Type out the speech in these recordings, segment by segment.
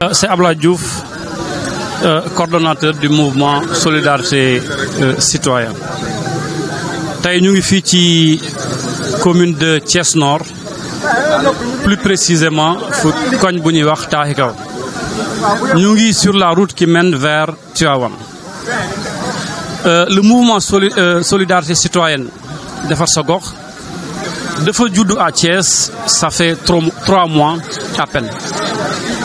Euh, c'est Abla Diouf, euh, coordonnateur du mouvement Solidarité euh, Citoyenne. Citoyen. sommes commune de Thiès Nord plus précisément dans sur la route qui mène vers Tivaouane le mouvement Solidarité Citoyenne de sa de dafa à Thiès ça fait trois mois à peine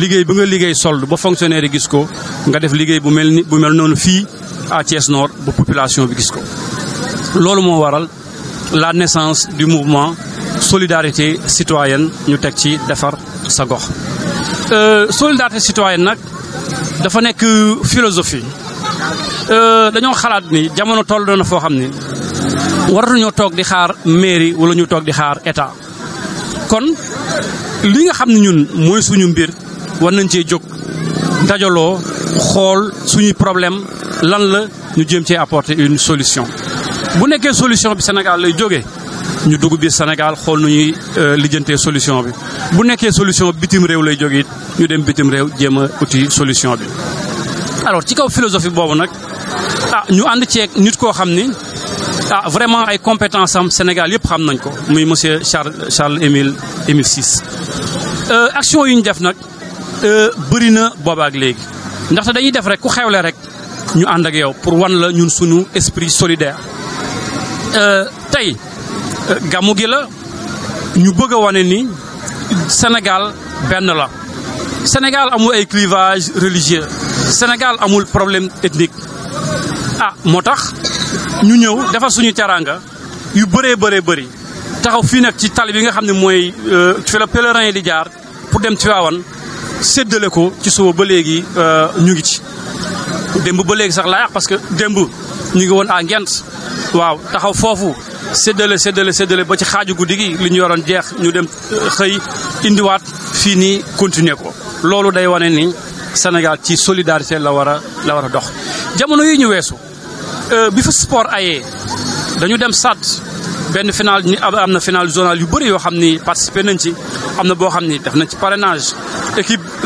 liggéey bi nga liggéey solde ba fonctionnaire yi gis ko nga def liggéey bu melni bu mel noonu fi à Thiès Nord bu population bi gis ko loolu moo waral la naissance du mouvement solidarité citoyenne ñu tek ci defar sa gox euh, solidarité citoyenne nak dafa nek philosophie euh, dañoo xalaat ni jamono toll na fo xamni Waru waratuñoo tok di xaar mairie wala ñu tok di xaar état kon li nga xamni ñun moy suñu mbir war nañ cee jóg dajaloo xool suñuy problème lan la ñu jëm cee apporter une solution bu nekkee solution bi Sénégal lay jógee ñu dugg bi Sénégal xool nu ñuy euh, lijjantee solution bi bu nekkee solution bitim réew lay jóge ñu dem bitim réew jéem a uti solution bi alors ci kaw philosophie boobu nag ah ñu ànd ceeg nit koo xam ni ah vraiment ay compétences am Sénégal yëpp xam nañ ko muy monsieur Charles Charles Émile Émile Six. Euh, action yu ñu def nag bëri na boobaak léegi ndaxte dañuy def rek ku xewle rek ñu ànd ak yow pour wan la ñun suñu esprit solidaire euh, tey euh, gàmmu gi la ñu bëgg a wane ni Sénégal benn la Sénégal amul ay clivage religieux Sénégal amul problème ethnique ah moo tax ñu ñëw defar suñu teraanga yu bëree bëree bëri taxaw fii nag ci tali bi nga xam ne mooy euh, fi la pèlerin yi di jaar pour dem Tivaouane séddale ko ci suba ba léegi euh, ñu ngi ci démb ba léegi sax laa yàq parce que démb ñu ngi woon à ngent waaw taxaw foofu séddale séddale séddale ba ci xaaju guddi gi lu ñu yoroon jeex ñu dem euh, xëy indiwaat fii nii continuer ko loolu day wane ni Sénégal ci solidarité la war a la war a dox jamono yi ñu weesu euh, bi fa sport ayee dañu dem stade benn final ñu am na final zonal yu bari yoo xam ni participé nañ ci am na boo xam ni def nañ ci parrainage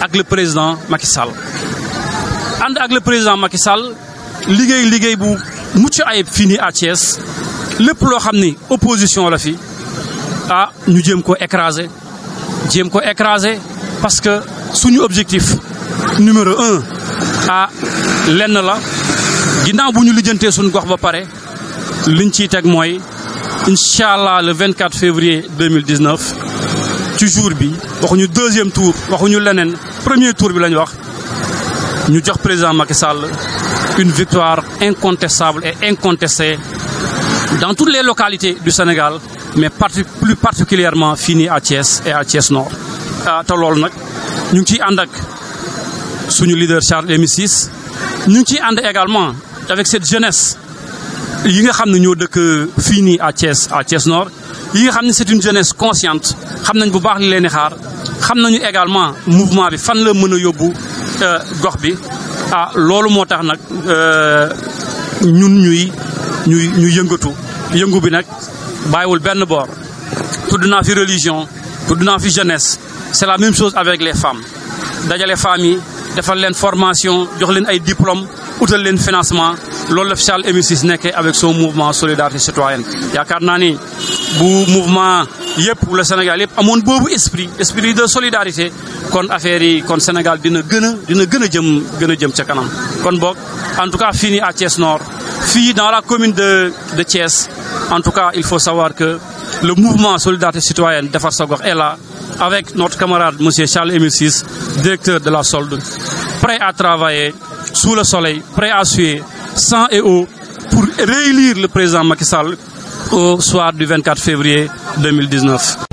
avec le président Macky Sall And avec le président Macky Sall liggéey liggéey bu mucc ayib fini à Thiès Le pouvoir xam ni opposition la fi ah ñu jéem ko écraser jéem ko écraser parce que suñu objectif numéro un ah lenn la ginnaaw bu ñu eu suñu gox ba pare liñ ciy le 24 février 2019. Toujours bi waxuñu deuxième tour waxuñu lenen premier tour bi la wax ñu jox président Macky Sall une victoire incontestable et incontestée dans toutes les localités du Sénégal mais plus particulièrement finie à Thiès et à Thiès Nord. Nous ah, lol nak ñu le leader Charles Emissis. Nous ñu eu également avec cette jeunesse yi nga xam ne ñoo dëkk fii nii à Thiès à Thiès Nord yi nga xam ne c'est une jeunesse consciente xam nañ bu baax li leen di xaar xam nañu également mouvement bi fan la mën a yóbbu euh, gox bi ah loolu moo tax nag euh, ñun ñuy ñuy ñu yëngatu yëngu bi nag bàyyiwul benn boor tudd naa fi religion tudd naa fi jeunesse c'est la même chose avec les femmes dajale femmes yi defal leen formation jox leen ay diplômes utal leen financement L'officiel Charles avec son mouvement solidarité citoyenne Il ni bu mouvement yep le Sénégal yep amoon un esprit esprit de solidarité kon affaire yi kon Sénégal dina dina gën jëm jëm faire kanam. kon en tout cas fini à Thiès Nord fini dans la commune de de Thiès en tout cas il faut savoir que le mouvement solidarité citoyenne défar sogox est là avec notre camarade monsieur Charles Émile directeur de la solde prêt à travailler sous le soleil prêt à suer. 100 et haut pour réélire le président Macky Sall au soir du 24 février 2019.